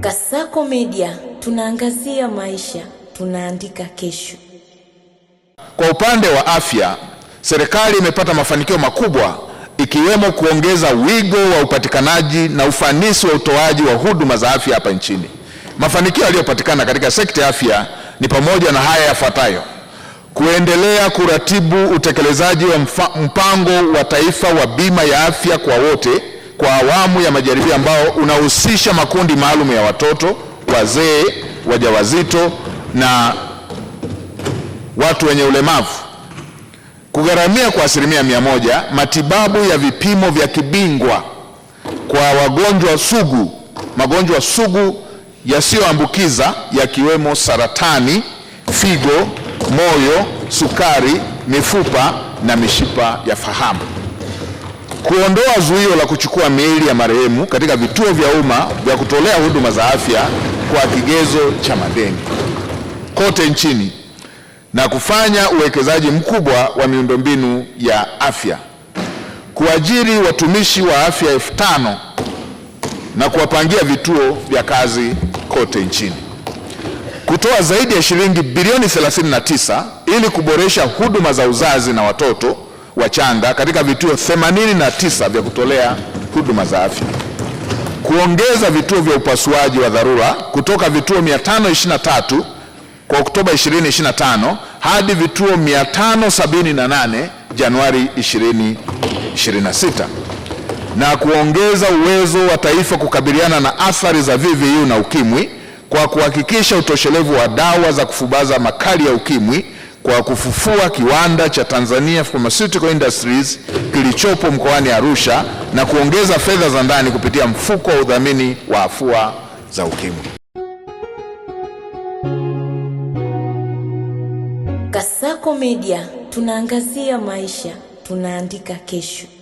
Kasako Media tunaangazia maisha, tunaandika kesho. Kwa upande wa afya, serikali imepata mafanikio makubwa ikiwemo kuongeza wigo wa upatikanaji na ufanisi wa utoaji wa huduma za afya hapa nchini. Mafanikio yaliyopatikana katika sekta ya afya ni pamoja na haya yafuatayo: kuendelea kuratibu utekelezaji wa mpango wa taifa wa bima ya afya kwa wote kwa awamu ya majaribio ambao unahusisha makundi maalum ya watoto, wazee, wajawazito na watu wenye ulemavu kugharamia kwa asilimia mia moja matibabu ya vipimo vya kibingwa kwa wagonjwa sugu, magonjwa sugu yasiyoambukiza yakiwemo saratani, figo, moyo, sukari, mifupa na mishipa ya fahamu kuondoa zuio la kuchukua miili ya marehemu katika vituo vya umma vya kutolea huduma za afya kwa kigezo cha madeni kote nchini na kufanya uwekezaji mkubwa wa miundombinu ya afya, kuajiri watumishi wa afya elfu tano na kuwapangia vituo vya kazi kote nchini, kutoa zaidi ya shilingi bilioni 39 ili kuboresha huduma za uzazi na watoto wachanga katika vituo 89 vya kutolea huduma za afya, kuongeza vituo vya upasuaji wa dharura kutoka vituo 523 kwa Oktoba 2025 hadi vituo 578 Januari 2026 na kuongeza uwezo wa taifa kukabiliana na athari za VVU na ukimwi kwa kuhakikisha utoshelevu wa dawa za kufubaza makali ya ukimwi kwa kufufua kiwanda cha Tanzania Pharmaceutical Industries kilichopo mkoani Arusha na kuongeza fedha za ndani kupitia mfuko wa udhamini wa afua za ukimwi. Kasako Media tunaangazia maisha, tunaandika kesho.